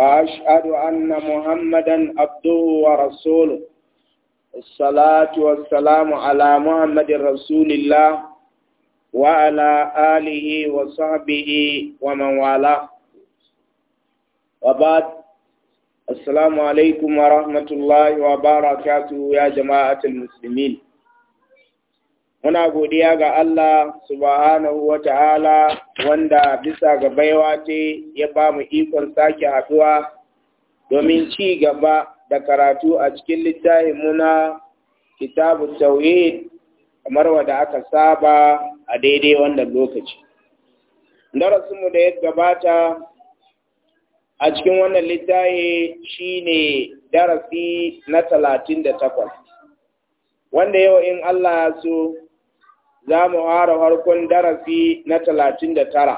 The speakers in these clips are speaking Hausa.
وأشهد أن محمدا عبده ورسوله الصلاة والسلام على محمد رسول الله وعلى آله وصحبه ومن والاه وبعد السلام عليكم ورحمة الله وبركاته يا جماعة المسلمين muna godiya ga Allah subhanahu wa ta'ala wanda bisa ga baiwa ce ya ba mu ikon sake haɗuwa domin ci gaba da karatu a cikin littafin muna kitabu tauhid kamar wadda aka saba a daidai wannan lokaci. Darasinmu da ya gabata a cikin wannan littafi shine darasi na talatin da takwas. Wanda yau in Allah ya so za mu fara harkon darasi na talatin da tara.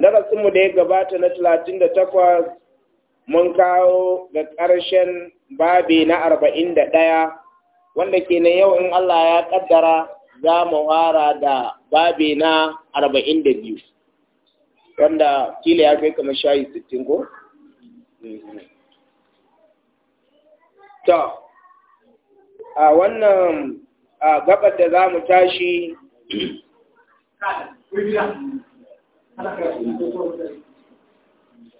Darasinmu da ya gabata na talatin da takwas mun kawo ga ƙarshen babi na arba'in da ɗaya wanda ke na yau in Allah ya ƙaddara za mu fara da babi na arba'in da biyu wanda kila ya kai kamar shayi sittin ko? To, a wannan a gabar da za mu tashi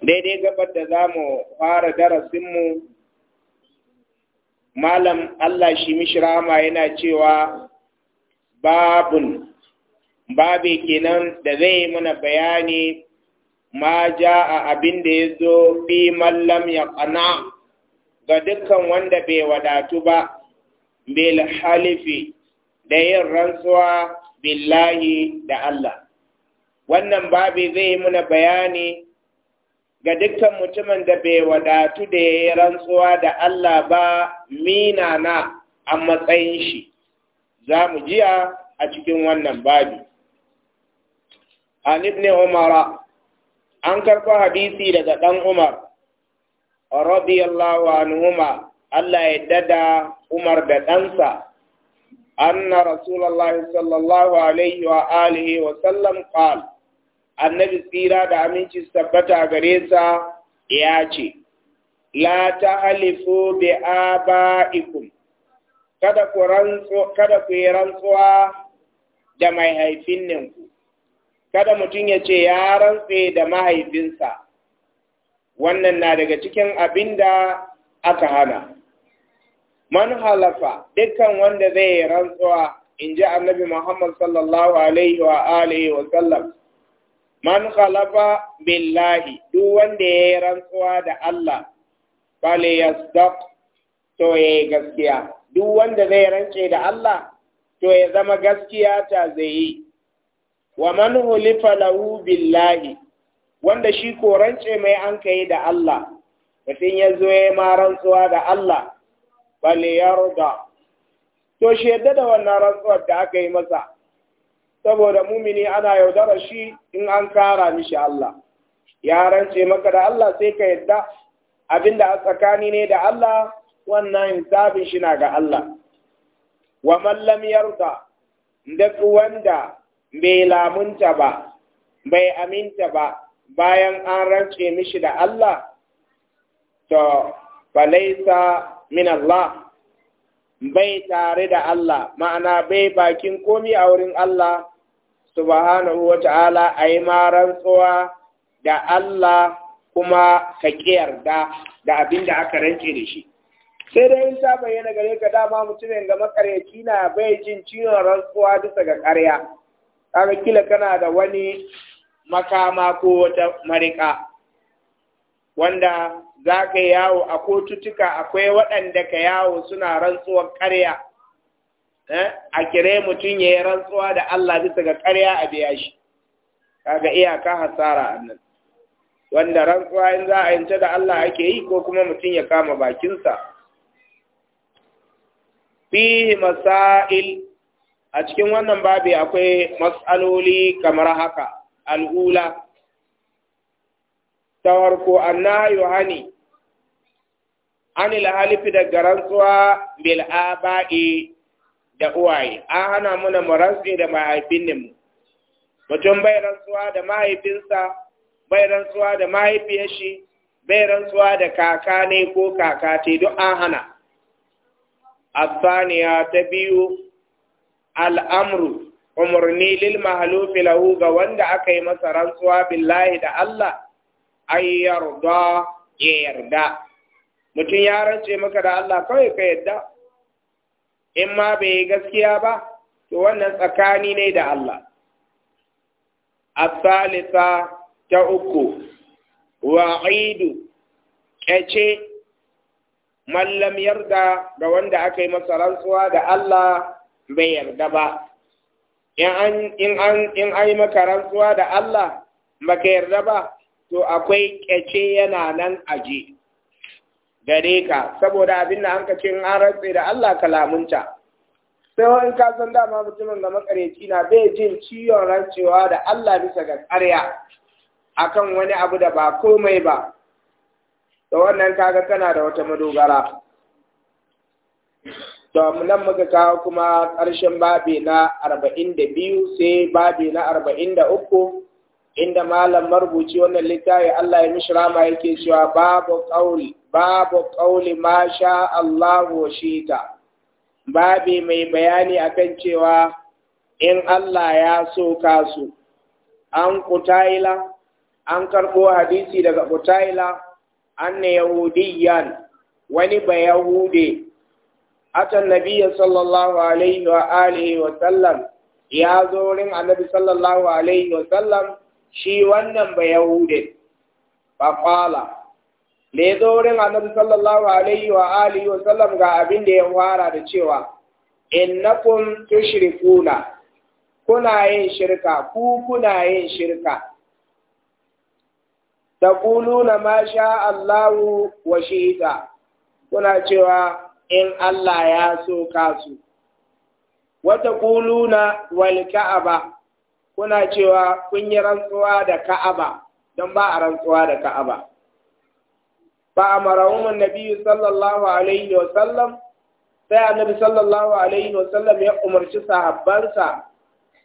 daidai gabar da za mu fara darasinmu malam Allah shi mishirama yana cewa babun babe kenan da zai muna bayani ma ja a abin da ya zo fi mallam ya ƙana ga dukkan wanda bai wadatu ba bil halifi da yin rantsuwa billahi da Allah wannan babi zai yi muna bayani ga dukkan mutumin da bai wadatu da ya yi rantsuwa da Allah ba mina na a matsayin shi za mu jiya a cikin wannan babi an ibn umara an karɓi hadisi daga ɗan umar radiyallahu umar Allah ya dada Umar da ɗansa anna rasulallah sallallahu alaihi wa alihi wa sallam qal annabi tsira da aminci tabbata gare sa ya ce la tahlifu bi abaikum kada ku rantsu kada ku yi rantsuwa da mai haifin ku kada mutum ya ce ya rantse da mahaifinsa wannan na daga cikin abinda aka hana man halafa dukkan wanda zai rantsuwa in ji annabi Muhammad sallallahu alaihi wa alihi wa sallam man halafa billahi duk wanda ya yi rantsuwa da Allah ya yasdaq to ya gaskiya duk wanda zai rance da Allah to ya zama gaskiya ta zai yi wa man hulifa lahu billahi wanda shi ko rance mai an kai da Allah mutum ya zo ya ma rantsuwa da Allah falyarda to shi yadda da wannan rantsuwar da aka yi masa saboda mumini ana yaudara shi in an kara mishi Allah ya rance maka da Allah sai ka yadda abinda a tsakani ne da Allah wannan hisabin shi na ga Allah wa man lam yarda duk wanda bai lamunta ba bai aminta ba bayan an rance mishi da Allah to balaisa min Allah bai tare da Allah ma'ana bai bakin komi a wurin Allah subhanahu wa ta'ala a yi rantsuwa da Allah kuma ka yarda da abin da aka rance da shi sai dai in ta bayyana gare ka dama mutumin ga makaryaci na bai jin ciwon rantsuwa bisa ga ƙarya kaga kila kana da wani makama ko wata mariƙa. wanda za ka yawo a kotutuka akwai waɗanda ka yawo suna rantsuwar ƙarya eh, a kire mutum ya yi rantsuwa da Allah bisa ga ƙarya a biya shi kaga iyaka hasara annan wanda rantsuwa in za a yanta da Allah ake yi ko kuma mutum ya kama bakinsa fihi masail a cikin wannan babi akwai mas'aloli kamar haka al'ula ta farko annahu hani anil halifi da garantsuwa bil aba'i da uwaye an hana muna mu rantsi da mahaifinmu mutum bai rantsuwa da mahaifinsa bai rantsuwa da mahaifiyar shi bai rantsuwa da kaka ne ko kaka ce duk an hana asaniya ta biyu al'amru umarni lil mahalufi lahu ga wanda aka yi masa rantsuwa billahi da Allah Ai yarda ya yarda mutum ya rance maka da Allah kawai ka yarda in ma bai yi gaskiya ba to wannan tsakani ne da Allah asalisa ta uku wa'idu ƙyace mallam yarda ga wanda aka yi masa rantsuwa da Allah bai yarda ba in an yi maka rantsuwa da Allah baka yarda ba to akwai ƙyace yana nan aje gare ka saboda abin da hanka ce an rantse da Allah kalamunta sai wani kasan dama mutumin da makareci na bai jin ciwon rancewa da Allah bisa ga ƙarya akan wani abu da ba komai ba da wannan kaga kana da wata madogara to nan muka kawo kuma ƙarshen babi na arba'in sai babi na arba'in uku inda malam marubuci wannan littafi Allah ya mishi rama yake cewa babu qauli babu qauli ma sha Allah wa shita babi mai bayani akan cewa in Allah ya so ka so an kutaila an karbo hadisi daga kutaila an yahudiyan wani yahude atan nabiyya sallallahu alaihi wa alihi wa sallam ya zo rin annabi sallallahu alaihi wa sallam shi wannan ba Yahude, faƙala, da ya zo wurin annabi sallallahu alaihi wa alihi wa sallam ga abin da ya fara da cewa, innakum tushrikuna kuna yin shirka, ku kuna yin shirka. Taquluna ma sha Allahu wa shi'ita, kuna cewa in Allah ya so su. Wata na wal ka'aba kuna cewa kun yi rantsuwa da Ka'aba don ba a rantsuwa da Ka'aba Ba a marahumin annabi sallallahu alaihi wa sallam sai annabi sallallahu alaihi wa sallam ya umarci sahabbansa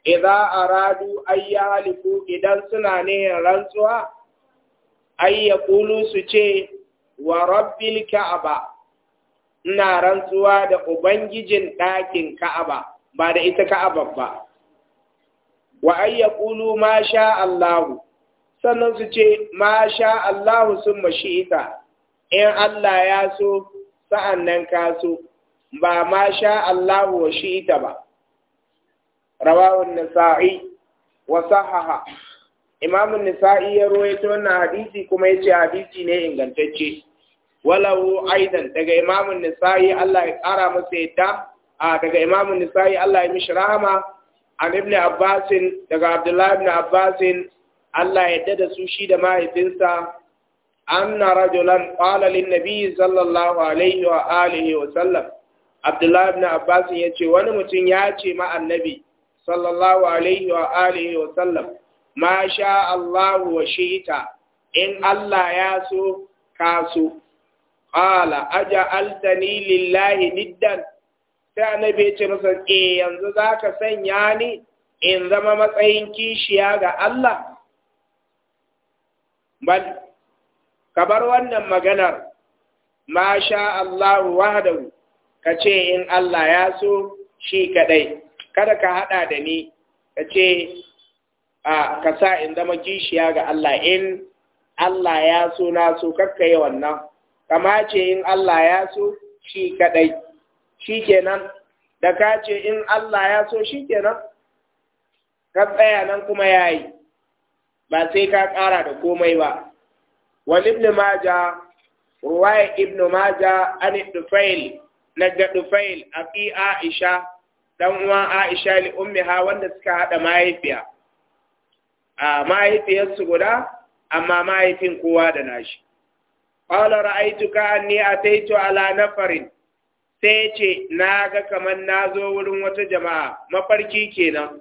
idza aradu ay halifu idan suna ne rantsuwa ay yaqulu su ce wa rabbil ka'aba ina rantsuwa da ubangijin ɗakin ka'aba ba da ita ka'aba ba wa an yaqulu ma sha Allah sannan su ce ma sha Allah sun mashi'ita in Allah ya so sa'an nan ka so ba ma sha Allah wa shi'ita ba rawawun nasa'i wa sahaha imamun nisa'i ya rawaito wannan hadisi kuma yace hadisi ne ingantacce Walau aidan daga imamun nisa'i Allah ya kara masa yadda a daga imamun nisa'i Allah ya mishi rahama an ibn Abbas daga Abdullahi ibn Abbas Allah ya da su shi da mahaifinsa anna rajulan qala lin nabiy sallallahu alaihi wa alihi wa sallam Abdullahi ibn Abbas yace wani mutum ya ce ma annabi sallallahu alaihi wa alihi wa sallam ma sha Allah wa shi'ita in Allah ya so ka so qala altani lillahi niddan sai annabi ya ce masa e yanzu za ka sanya ni in zama matsayin kishiya ga Allah bal ka bar wannan maganar ma sha Allah wahdahu ka ce in Allah ya so shi kadai kada ka hada da ni ka ce a ka sa in zama kishiya ga Allah in Allah ya so na so kakka yi wannan kama ce in Allah ya so shi kadai shikenan da ka ce in Allah ya so shikenan ka tsaya nan kuma ya yi. ba sai ka ƙara da komai ba Wani ibn maja ruwaya ibn maja an dufail na ga dufail fi aisha dan uwan aisha li ha wanda suka haɗa mahaifiya a mahaifiyarsu guda amma mahaifin kowa da nashi qala ra'aytuka a ataitu ala nafarin sai ya ce na ga kamar na zo wurin wata jama'a mafarki kenan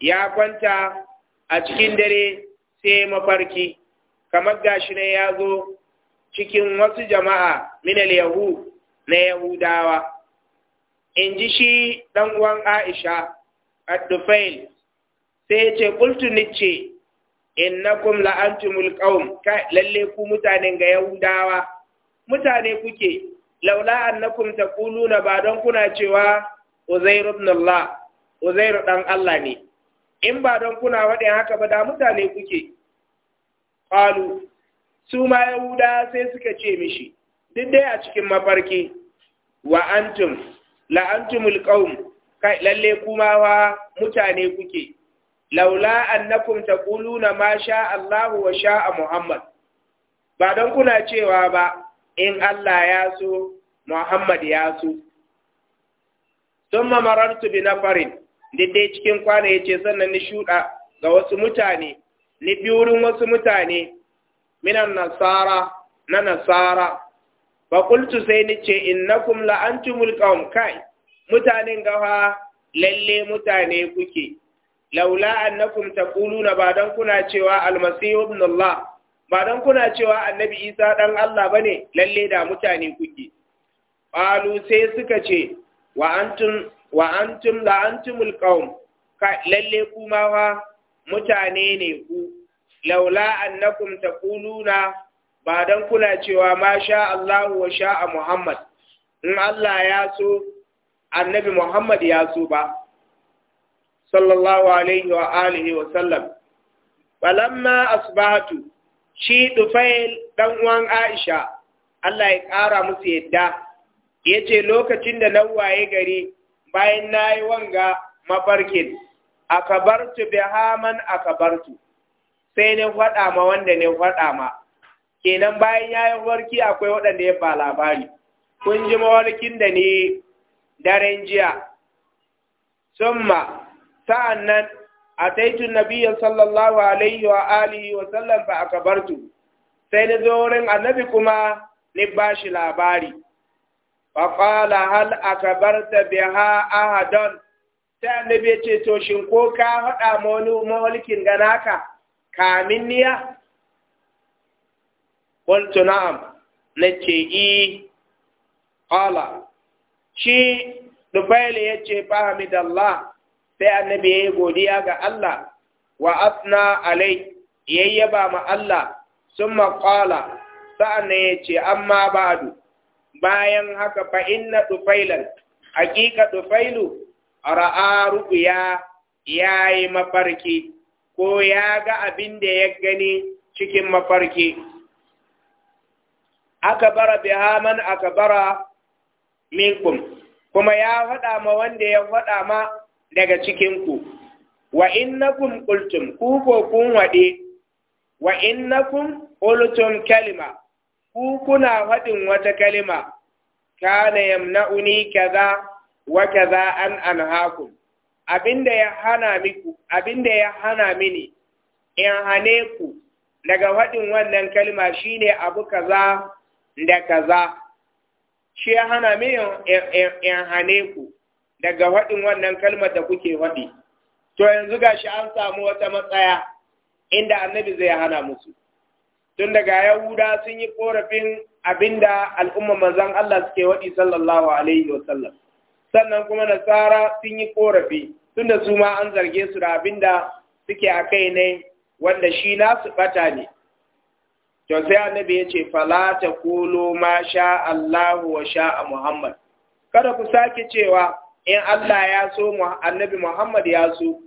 ya kwanta a cikin dare sai mafarki kamar gashi ne ya zo cikin wasu jama'a minal yahu na yahudawa in ji shi ɗan'uwan uwan aisha addufail sai ya ce kultu innakum la'antumul qaum kai lalle ku mutanen ga yahudawa mutane kuke laula annakum taquluna ba don kuna cewa Uzairu ibn Allah Uzairu dan Allah ne in ba don kuna wadin haka ba da mutane kuke qalu su ma yahuda sai suka ce mishi duk dai a cikin mafarki wa antum la antumul qaum kai lalle kuma wa mutane kuke laula annakum taquluna ma sha Allah wa sha Muhammad ba don kuna cewa ba in Allah ya so Muhammad ya so thumma marartu bi nafarin dai cikin kwana yace sannan ni shuda ga wasu mutane ni biurin wasu mutane minan nasara na nasara fa qultu sai ni ce innakum la antumul qaum kai mutanen gawa lalle mutane kuke laula annakum taquluna ba dan kuna cewa almasihu ibn Allah ba don kuna cewa annabi isa ɗan Allah ba ne lalle da mutane kuke. Ƙalu sai suka ce, wa antum la'antumul ka lalle kuma wa mutane ne ku, laula annakum ta kuluna ba don kuna cewa ma sha Allah wa sha'a Muhammad, in Allah ya so, annabi Muhammad ya so ba, sallallahu alaihi wa alihi wa sallam. Balamma asbahatu shi Dufail ɗan uwan Aisha, Allah ya ƙara musu yadda, ya ce lokacin da na waye gari bayan na yi wanga mafarkin, haman a akabartu, sai ne faɗa ma wanda ne faɗa ma, kenan bayan ya yi warki akwai waɗanda ya ba labari, kun ji mawarkin da ni daren jiya. Summa, sa'an nan ataitu nabiyya sallallahu alaihi wa alihi wa sallam fa akabartu sai na zo wurin annabi kuma ni bashi labari fa qala hal akabarta biha ahadan sai annabi ya ce to shin ko ka faɗa ma wani mahalkin ganaka kamin niya qultu na'am nace i qala shi dufaila yace Allah. sai annabi ya yi godiya ga Allah wa asna alai yayyaba ma Allah sun maƙala sa'an ya ce amma ba'adu bayan haka fa inna tufailan hakika tufailu ra'a ya yayi mafarki ko ya ga abin da ya gani cikin mafarki Aka akbara biha man bara minkum kuma ya faɗa ma wanda ya faɗa ma daga cikinku wa innakum qultum ku ko kun wade wa innakum qultum kalima ku kuna hadin wata kalima kana yamna'uni kaza wa kaza an anhaakum abinda ya hana miku abinda ya hana mini in hane ku daga hadin wannan kalima shine abu kaza da kaza shi ya hana mini in hane ku daga faɗin wannan kalmar da kuke faɗi to yanzu gashi an samu wata matsaya inda annabi zai hana musu tun daga yahuda sun yi korafin abinda al'umma manzan Allah suke waɗi sallallahu alaihi wa sallam, sannan kuma nasara sun yi korafi tun da su ma an zarge su da abinda suke a kai ne wanda shi nasu bata ne to sai annabi ya ce fala ta kulu ma sha Allahu wa sha Muhammad kada ku sake cewa in Allah ya so annabi Muhammad ya so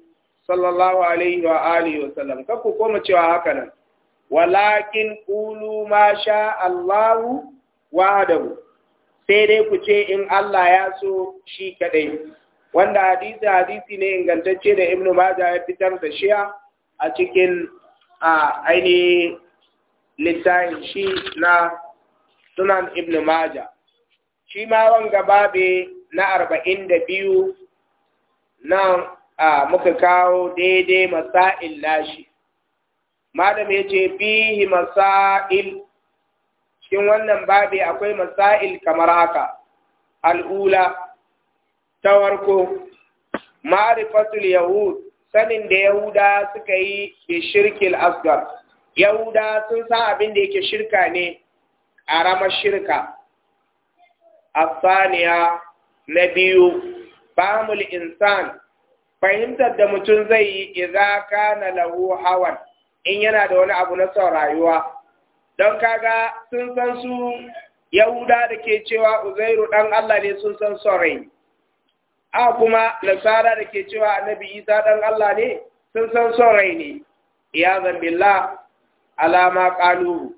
sallallahu alaihi wa alihi wa sallam ka ku koma cewa haka nan walakin qulu ma sha Allah wahdahu sai dai ku ce in Allah ya so shi kadai wanda hadisi hadisi ne ingantacce da Ibn Majah ya fitar da shi a cikin a aini littafin shi na sunan Ibn Majah shi ma wanga babe na arba'in da biyu nan muka kawo daidai masa'il lashi. malam ya ce bihi masa'il cikin wannan babi akwai masa'il kamar haka al'ula ta warko ma'arifatul yahud sanin da yahuda suka yi bi shirkil asgar yahuda sun san abin da yake shirka ne a ƙaramar shirka asaniya na biyu famul insan fahimtar da mutum zai yi idza kana lahu hawan in yana da wani abu na son rayuwa don kaga sun san su yahuda da ke cewa uzairu dan Allah ne sun san son a kuma nasara da ke cewa annabi isa dan Allah ne sun san son ne ya zambilla alama kaluru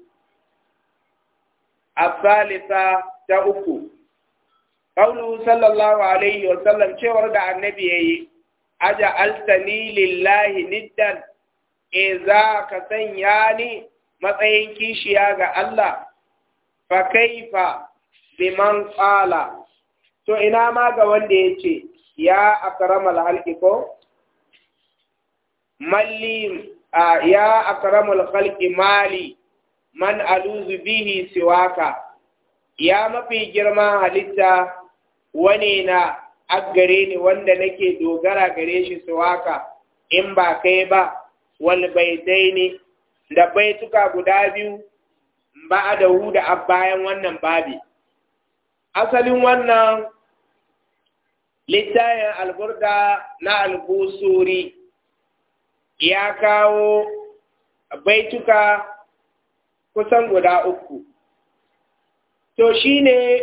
a ta uku Ƙaulu sallallahu alaihi wa sallam cewar da annabi ya yi, Aja altani lillahi niddan, e za ka sanya ni matsayin kishiya ga Allah, fa kaifa biman tsala, to ina ma ga wanda ya ce, ya akramal halki Malli, ya halki mali, man aluzu bihi siwaka, ya mafi girma halitta wani na aggare ni wanda nake dogara gare shi su waka in ba kai ba wal baitaini da baituka guda biyu ba da hu da bayan wannan babi asalin wannan littayin alburda na albusuri ya kawo baituka kusan guda uku to shine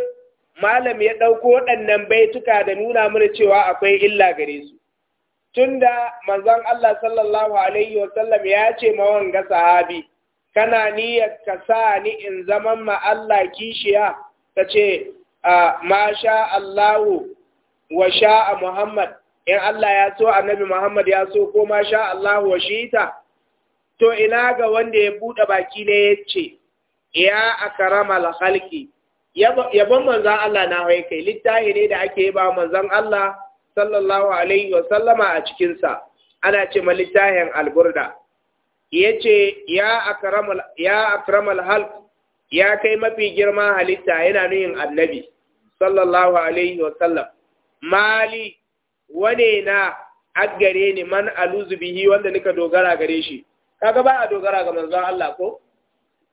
malam ya ɗauko waɗannan baituka da nuna mana cewa akwai illa gare su tunda manzon Allah sallallahu alaihi wa sallam ya ce mawan ga sahabi kana niyyar ka sa ni in zaman ma Allah kishiya ka ce ma sha wa sha'a Muhammad in Allah ya so annabi Muhammad ya so ko ma sha Allahu wa shita to ina ga wanda ya buɗe baki ne ya ce ya la halki. yabon manzan Allah na hawaye kai Littafi ne da ake ba manzan Allah sallallahu alaihi wa sallama a cikinsa ana ce ma littahin alburda ya ce ya akramal halk ya kai mafi girma halitta yana nuyin annabi sallallahu alaihi wa sallam mali wane na agare ni man aluzu bihi wanda nika dogara gare shi kaga ba a dogara ga manzan Allah ko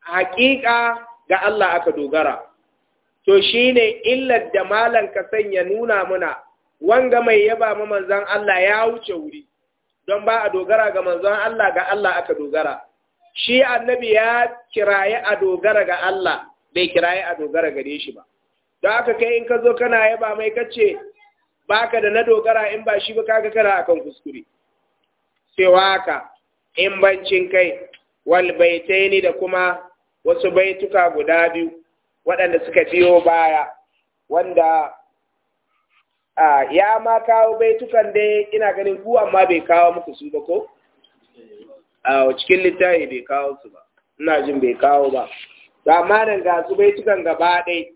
hakika ga Allah aka dogara to shi ne, illar da malan ka sanya nuna muna wanga mai yaba ma manzan Allah ya wuce wuri don ba a dogara ga manzan Allah ga Allah aka dogara shi annabi ya kiraye a dogara ga Allah bai kiraye a dogara gare shi ba don aka kai in ka zo kana yaba mai kace baka da na dogara in ba shi ba kaga kana akan kuskure sai waka in bancin kai wal baitaini da kuma wasu baituka guda biyu waɗanda suka biyo baya wanda ya ma kawo baitukan dai ina ganin ku amma bai kawo muku su ba ko a cikin littafi bai kawo su ba ina jin bai kawo ba amma nan ga su baitukan gaba ɗai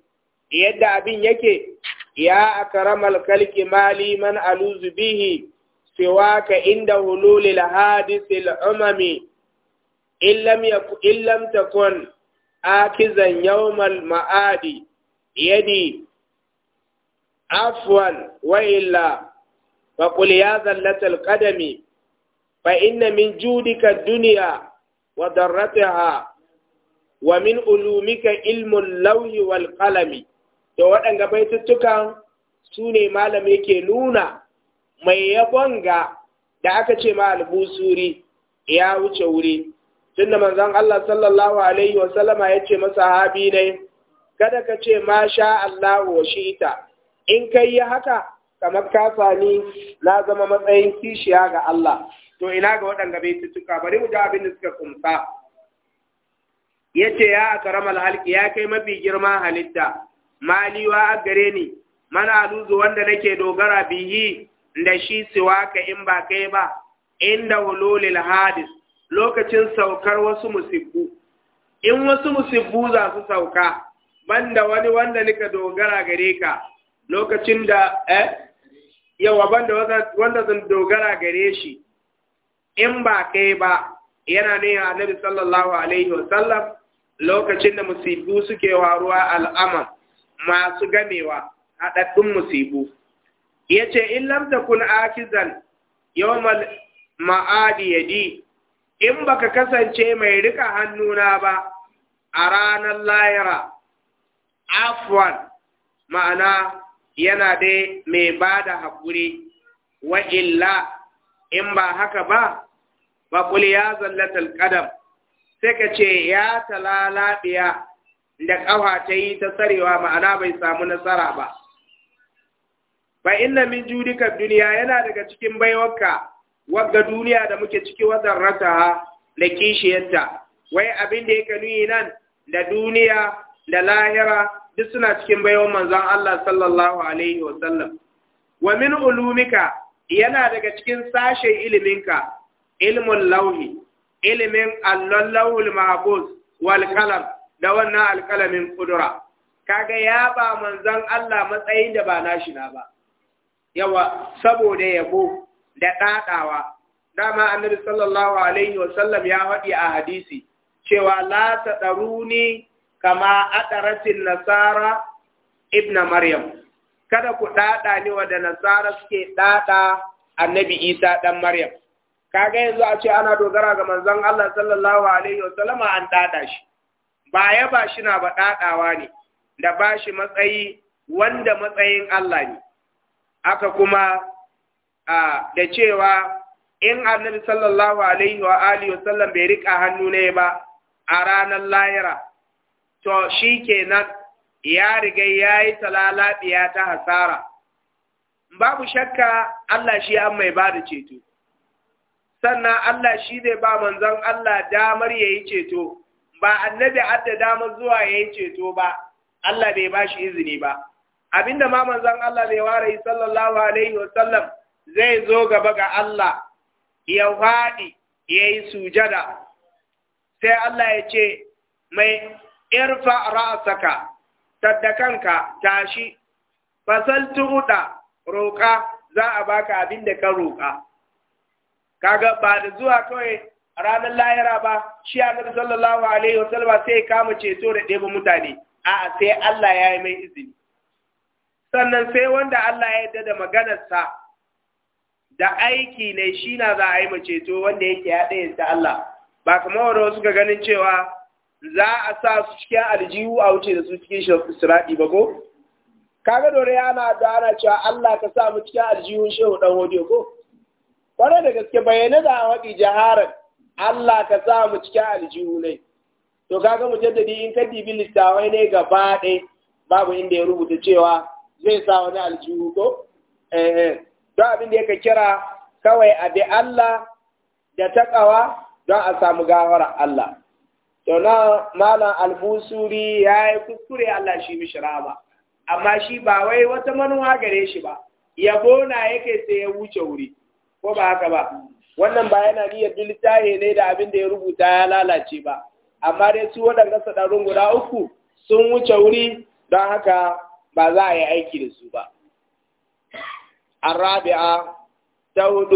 yadda abin yake ya karamar kalki mali man aluzu bihi ka inda hululil hadisil umami in lam takun akizan yawmal ma'adi yadi afwan wa illa fa qul ya zallatal qadami fa inna min judika duniya wa darrataha wa min ulumika ilmul lawhi wal qalami to waɗanga baituttukan su ne malam yake nuna mai yabon ga da aka ce ma albusuri ya wuce wuri tunda manzon Allah sallallahu alaihi wa sallama yace masahabi ne kada ka ce Masha sha Allah wa shi'ita in kai ya haka kamar ka sani na zama matsayin kishiya ga Allah to ina ga waɗanda bai tuka bari mu ga abin da suka kumsa yace ya karamal halki, ya kai mafi girma halitta maliwa a gare ni mana aluzu wanda nake dogara bihi da shi ka in ba kai ba inda hululil hadis lokacin saukar wasu musibbu in wasu musibbu za su sauka banda wani wanda nika dogara gare ka lokacin da eh yawa banda wanda zan dogara gare shi in ba kai ba yana ne Nabi sallallahu alaihi wasallam lokacin da musibbu suke waruwa al'amam masu gamewa haɗaɗɗun Ya yace in lam takun akizan yawmal ma'adi yadi in baka kasance mai rika hannuna ba a ranar layira afwan ma'ana yana dai mai ba da haƙuri wa illa in ba haka ba faƙul ya zallatar ƙadam sai ka ce ya talalaɓiya da ƙawa ta yi ta tsarewa ma'ana bai samu nasara ba Ba inna min duniya yana daga cikin baiwarka wadda duniya da muke ciki wadda rata da kishiyarta wai abin da yake nuni nan da duniya da lahira duk suna cikin bayon manzon Allah sallallahu alaihi wa sallam wa min ulumika yana daga cikin sashen iliminka ilmun lauhi ilimin allon lauhul mahfuz wal kalam da wannan alkalamin kudura kaga ya ba manzon Allah matsayin da ba nashi na ba yawa saboda yabo da ɗaɗawa dama annabi sallallahu alaihi wa sallam ya faɗi a hadisi cewa la ɗaruni kama adaratin nasara ibn maryam kada ku ɗaɗa ni wa da nasara suke ɗaɗa annabi isa ɗan maryam kaga yanzu a ce ana dogara ga manzon Allah sallallahu alaihi wa sallama an ɗaɗa shi ba ya ba shi na ba ɗaɗawa ne da ba shi matsayi wanda matsayin Allah ne aka kuma da cewa in annabi sallallahu alaihi wa alihi wasallam bai rika hannu ne ba a ranar layira to shi kenan ya riga ya yi talalabiya ta hasara babu shakka Allah shi an mai ba da ceto sannan Allah shi zai ba manzon Allah damar ya yi ceto ba annabi adda damar zuwa ya yi ceto ba Allah bai bashi izini ba abinda ma manzon Allah bai ware sallallahu alaihi wasallam zai zo gaba ga Allah ya faɗi ya yi sujada sai Allah ya ce mai irfa ra'asaka taddakanka tashi fasal tuɗa roƙa za a baka abin da ka roƙa kaga ba da zuwa kawai ranar lahira ba shi annabi sallallahu alaihi wasallama sai kama ceto da ɗeba mutane a'a sai Allah ya yi mai izini sannan sai wanda Allah ya yarda da maganarsa da aiki ne shi na za a yi maceto wanda yake ya ɗaya ta Allah ba kamar wanda wasu ga ganin cewa za a sa su cikin aljihu a wuce da su cikin shiraɗi ba ko kaga dore na da ana cewa Allah ka sa mu cikin aljihun shehu dan hodiyo ko kwarai da gaske bayyana da waɗi jaharar Allah ka sa mu cikin aljihu ne to kaga mujaddadi in ka dibi littawai ne gaba ɗaya babu inda ya rubuta cewa zai sa wani aljihu ko eh, eh. don abin da yake kira kawai a bi Allah da taƙawa don a samu gawar Allah. To na malam albusuri ya yi kuskure Allah shi mishira ba, amma shi ba wai wata manuwa gare shi ba, yabo na yake sai ya wuce wuri, ko ba haka ba. Wannan ba yana niyyar littafi ne da abin da ya rubuta ya lalace ba, amma dai su waɗanda saɗarun guda uku sun wuce wuri don haka ba za a yi aiki da su ba. Rabi'a, تود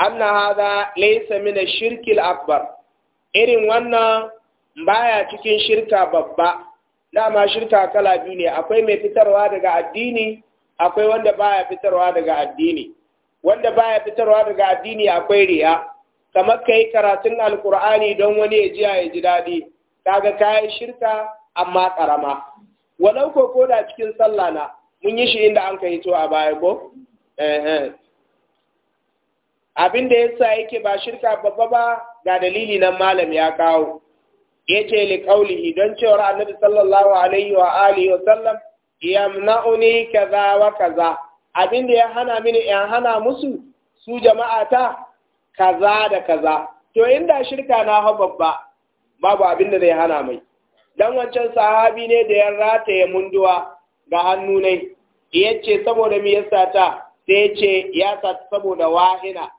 أن هذا ليس من الشرك الأكبر إرن wannan baya cikin shirka babba dama shirka kala biyu ne akwai mai fitarwa daga addini akwai wanda baya fitarwa daga addini wanda baya fitarwa daga addini akwai riya kamar ka yi karatun alkur'ani don wani ya ji ya ji daɗi kaga kayan shirka amma ƙarama walau ko koda cikin sallah na mun yi shi inda an ka hito a baya ko abin da yasa yake ba shirka babba ba ga dalili nan malam ya kawo yace li qaulihi don cewar annabi sallallahu alaihi wa alihi wa sallam yamna'uni kaza wa kaza abin da ya hana mini ya hana musu su jama'a ta? kaza da kaza to inda shirka na ha babba babu abin da zai hana mai dan wancan sahabi ne da ya rataye munduwa ga hannu ne yace saboda me yasa ta sai ce ya sa saboda wahina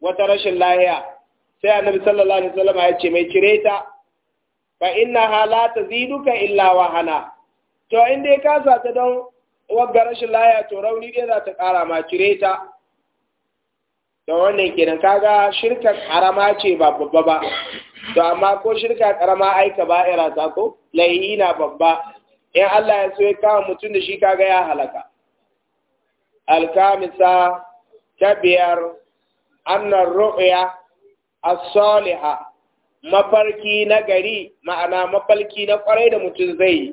wata rashin lahiya sai annabi sallallahu alaihi wasallam ya ce mai cire ta fa inna hala duka illa wahana to in dai ka sa ta don wagga rashin lahiya to rauni dai za ta kara ma cire ta to wannan kenan kaga shirka karama ce ba babba ba to amma ko shirka karama aika ba ba'ira ta ko lahi na babba in Allah ya so ya kawo mutum da shi kaga ya halaka alkamisa ta biyar annan ru'ya a saliha mafarki na gari ma'ana mafarki na ƙwarai da mutum zai yi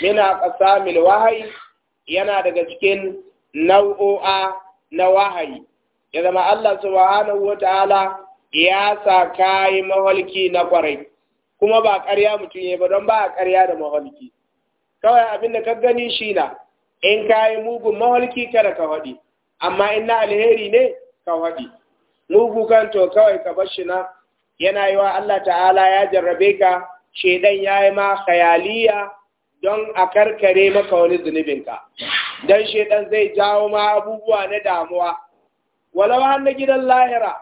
yana ƙasa wahayi yana daga cikin nau'o'a na wahayi ya zama Allah subhanahu wata'ala ya sa kayi maholki na ƙwarai. kuma ba ƙarya mutum ya ba don ba a ƙarya da mahalki kawai abin da ka gani shi na in ka yi mugun mahalki kada ka haɗi amma in na alheri ne ka haɗi mugu kan to kawai ka bar shi na yana yi wa Allah ta'ala ya jarrabe ka shedan ya yi ma khayaliya don a karkare maka wani zunubin ka. don shedan zai jawo ma abubuwa na damuwa walau har na gidan lahira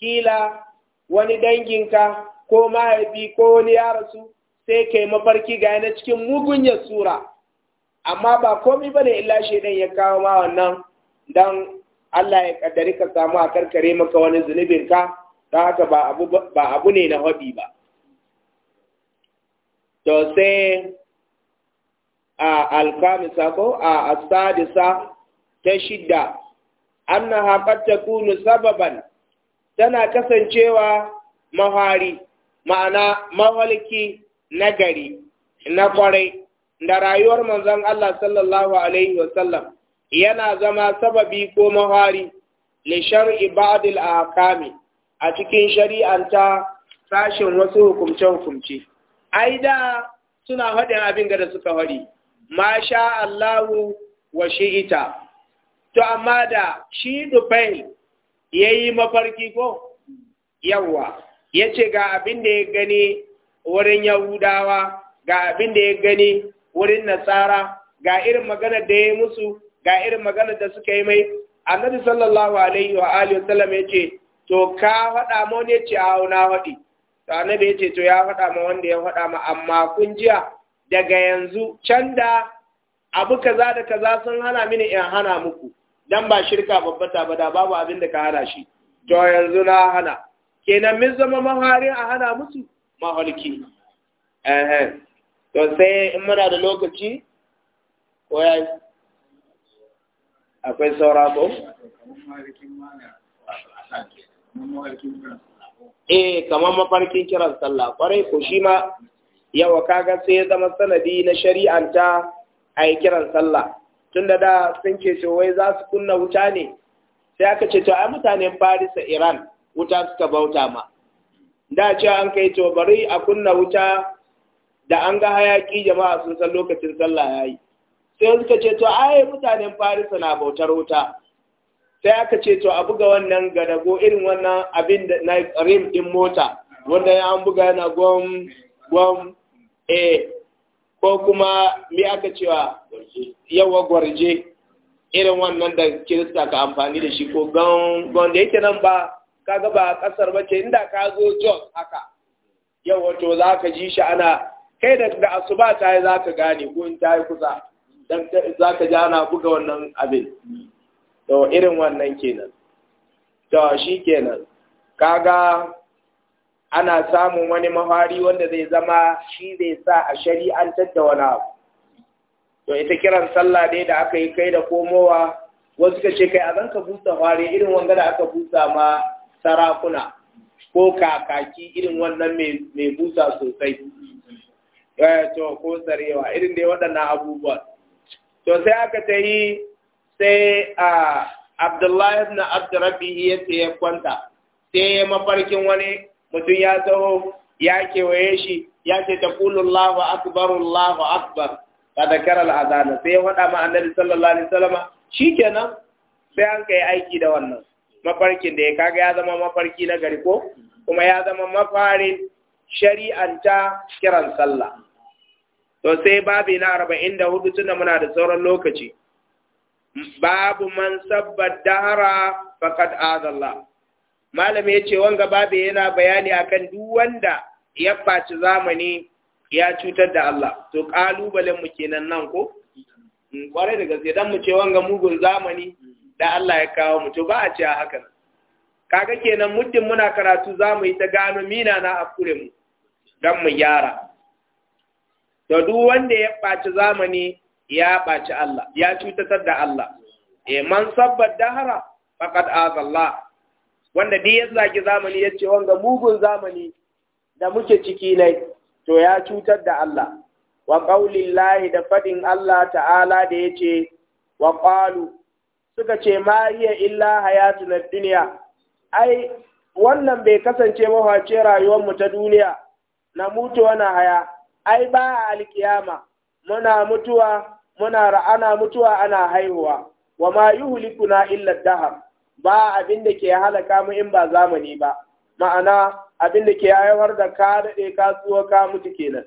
kila wani danginka ko mahaifi ko wani ya rasu sai kai mafarki ga yana cikin ya sura amma ba komi ba ne illa shi ya kawo ma wannan don Allah ya kaddari ka samu a karkare maka wani zunubin ka don haka ba abu ne na hobi ba to sai a alkamisa ko a asadisa ta shidda annaha qad kunu sababan tana kasancewa mahari ma'ana mawalki nagari na kwarai da rayuwar manzon Allah sallallahu alaihi wasallam yana zama sababi ko mahari li shar'i ba'd al a cikin shari'anta sashin wasu hukumce-hukumce. Ai da suna haɗin abin da suka haɗi, masha Allahu wa shi'ita. To, amma da shi Dufail ya yi mafarki ko? Yawwa, ya ce ga abin da ya gani wurin Yahudawa, ga abin da ya gani wurin nasara ga irin maganar da ya musu ga irin maganar da suka yi mai annabi sallallahu alaihi wa alihi wasallam yace to ka faɗa mu ne ce a na faɗi to annabi yace to ya faɗa ma wanda ya faɗa ma amma kun jiya daga yanzu can da abu kaza da kaza sun hana mini in hana muku dan ba shirka babbata ba da babu abin da ka hana shi to yanzu na hana kenan min zama maharin a hana musu mahalki eh to sai in muna da lokaci ko ya akwai saura ko? eh kamar mafarkin kiran sallah kwarai ko shi ma yawa kaga sai ya zama sanadi na shari'anta a yi kiran sallah tun da da sun ce wai za su kunna wuta ne sai aka ce to a mutanen farisa iran wuta suka bauta ma da cewa an kai to bari a kunna wuta da an ga hayaki jama'a sun san lokacin sallah ya yi. sai suka ce to ai mutanen Farisa na bautar wuta sai aka ce to a buga wannan gadago irin wannan abin da na rim din mota wanda an buga yana gwam gwam ko kuma me aka cewa yawa gwarje irin wannan da kirista ka amfani da shi ko gon da yake nan ba kaga ba kasar bace inda ka zo jos haka yau wato za ka ji shi ana kai da da asuba ta yi za ka gane ko in ta yi kusa dan za ka ji buga wannan abin to irin wannan kenan to shi kenan kaga ana samun wani mahari wanda zai zama shi zai sa a shari'antar da wani abu to ita kiran sallah dai da aka yi kai da komowa wasu ka ce kai a zan ka busa fare irin wanga da aka busa ma sarakuna ko kakaki irin wannan mai busa sosai Eh, to ko sarewa irin dai waɗannan abubuwa to sai aka ta yi sai a abdullahi ibn abdurrabi ya ce ya kwanta sai ya mafarkin wani mutum ya taho ya kewaye shi ya ce ta kulullahu akbar allahu akbar ta da karar azana sai ya waɗa ma annabi sallallahu alaihi wasallama shikenan sai an kai aiki da wannan mafarkin da ya kaga ya zama mafarki na gari ko kuma ya zama mafarin shari'anta kiran sallah to sai babi na arba'in da hudu tunda muna da sauran lokaci babu man sabbat dahara faqad azalla malam ya ce wanga babu yana bayani akan duk wanda ya faci zamani ya cutar da Allah to kalubalen mu kenan nan ko kwarai mm, da gaske dan mu ce wanga mugun zamani da Allah ya kawo mu to ba a ce hakan kaga kenan muddin muna karatu zamu yi ta gano mina na akure mu dan mu gyara to duk wanda ya ɓaci zamani ya ɓaci Allah ya cutatar da Allah e man sabbat dahara faqad azalla wanda duk ya zaki zamani ya ce wanga mugun zamani da muke ciki ne to ya cutar da Allah wa qaulillahi da fadin Allah ta'ala da yace wa qalu suka ce ma hiya illa hayatuna dunya ai wannan bai kasance ba rayuwar mu ta duniya na mutu wana haya ai ba alkiyama muna mutuwa muna ra'ana mutuwa ana haihuwa wa ma yuhlikuna illa dahar ba abin da ke halaka mu in ba zamani ba ma'ana abin da ke haifar da ka daɗe ka ka mutu kenan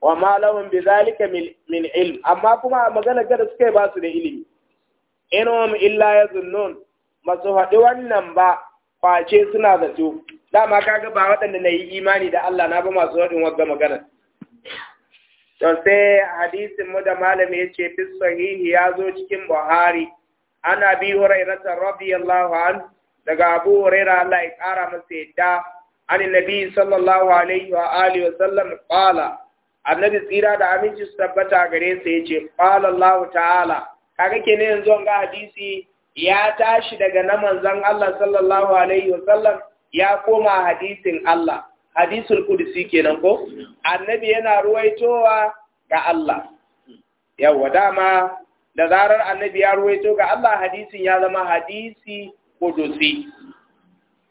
wa ma bi zalika min ilm amma kuma magana da suka ba su da ilimi inhum illa yazunnun masu haɗi wannan ba face suna zato dama kaga ba waɗanda na yi imani da Allah na ba masu haɗin wagga magana to sai hadisin mu da malami ya ce fi sahihi ya zo cikin buhari ana bi hurairata radiyallahu an daga abu huraira Allah ya kara masa yadda an nabi sallallahu alaihi wa alihi wa sallam qala annabi tsira da aminci su tabbata gare sa yace qala Allah ta'ala kaga ne yanzu ga hadisi ya tashi daga na manzon Allah sallallahu alaihi wa sallam ya koma hadisin Allah hadisul kudisi kenan ko annabi yana ruwaitowa ga Allah yawa dama da zarar annabi ya ruwaito ga Allah hadisin ya zama hadisi qudusi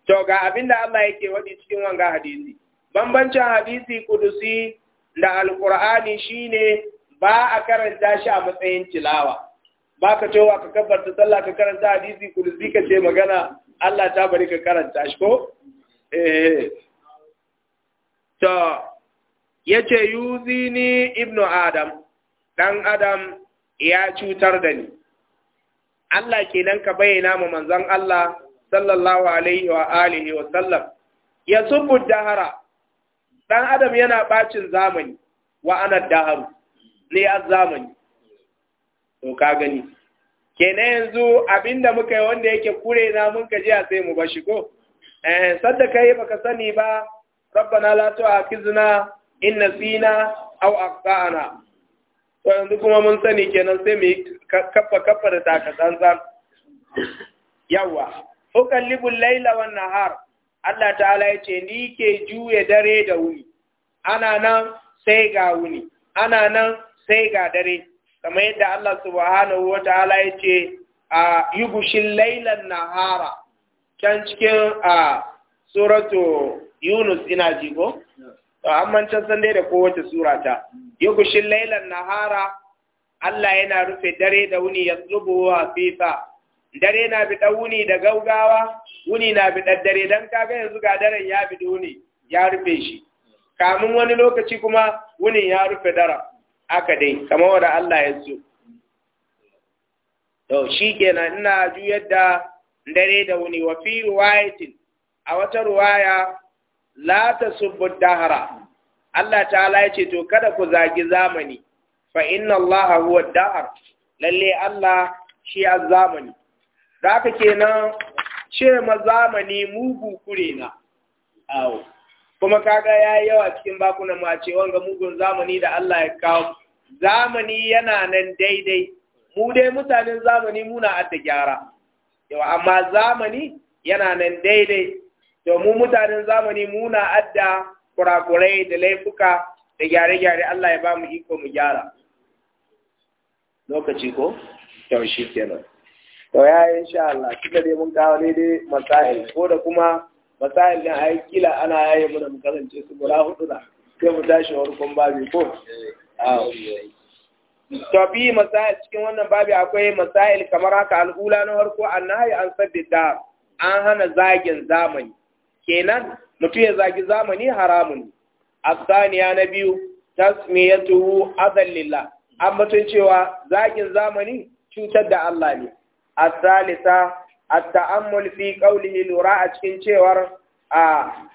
to ga abinda Allah yake wadi cikin wanga hadisi bambancin hadisi kudusi da alqur'ani shine ba a karanta shi a matsayin tilawa ba ka cewa ka kabbarta sallah ka karanta hadisi kudusi ka ce magana Allah ta bari ka karanta shi ko eh To, ya ce, Yuzi ni Ibnu Adam, ɗan Adam ya cutar da ni. Allah ke nan ka bayyana mu manzon Allah sallallahu alaihi wa alihi wa sallam. Ya subu dahara, ɗan Adam yana ɓacin zamani wa ana daharu, ne a zamani. To, ka gani. Kenan yanzu abinda muka yi wanda yake kure na mun ka a sai mu ba shigo? Eh, sadda kai baka sani ba, rabbana la tu'akhizna in nasina aw akhtana to yanzu kuma mun sani kenan sai muyi kafa-kafa da takatsantsan yawa ukallibul laila wan nahar Allah ta'ala ya ce ni ke juya dare da wuni ana nan sai ga wuni ana nan sai ga dare kamar yadda Allah subhanahu Wata ta'ala ya ce a yugushin lailan nahara can cikin a suratu Yunus ina ji ko? To, an san dai da kowace sura ta, yugushin lailan nahara, Allah yana rufe dare da wuni ya tsubuwa fifa, dare na bi wuni da gaugawa, wuni na bi dare don kaga yanzu ga daren ya bi wuni ya rufe shi. Kamun wani lokaci kuma wuni ya rufe dara, aka dai, kamar wanda Allah ya so. To, shi kenan ina juyar da dare da wuni wa fi ruwayatin, a wata ruwaya la tasubbu dahara Allah ta'ala ya ce to kada ku zagi zamani fa inna Allah huwa dahar lalle Allah shi a zamani zaka kenan ce ma zamani mugu kure na awo kuma kaga yayi yawa cikin bakunan mu a ce wanga mugun zamani da Allah ya kawo zamani yana nan daidai mu dai mutanen zamani muna adda gyara yau amma zamani yana nan daidai to mu mutanen zamani muna adda kurakurai da laifuka da gyare-gyare Allah ya ba mu iko mu gyara lokaci ko to shi kenan to ya insha Allah kika dai mun kawo daidai masail ko da kuma masail din ai kila ana yaye mu da mu kasance su guda hudu da sai mu tashi warkon babi ko to bi masail cikin wannan babi akwai masail kamar haka al'ula na farko annahi an da an hana zagin zamani kenan mutum ya zagi zamani haramun asaniya na biyu tasmiyatuhu adan lillah an mutum cewa zagin zamani cutar da Allah ne asalisa at-ta'ammul fi qawlihi lura a cikin cewar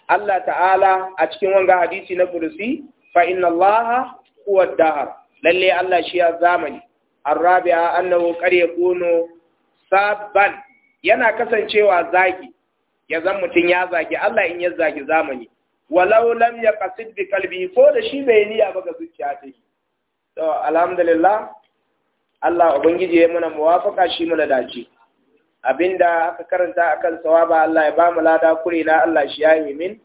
Allah ta'ala a cikin wanga hadisi na kursi fa inna Allah huwa dahar lalle Allah shi ya zamani Rabi'a annahu qad yakunu sabban yana kasancewa zagi ya zan mutum ya zagi Allah in ya zagi zamani walau lam ya qasid bi kalbi ko da shi bai niyya ba ga zuciya ta shi? to alhamdulillah Allah ubangiji ya muna muwafaka shi muna dace abinda aka karanta akan sawaba Allah ya bamu lada kure na Allah shi ya yi min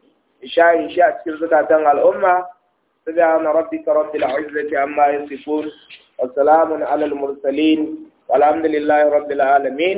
shayin shi a cikin zukatan al'umma سبحان ربك رب العزة عما يصفون وسلام على المرسلين والحمد لله رب العالمين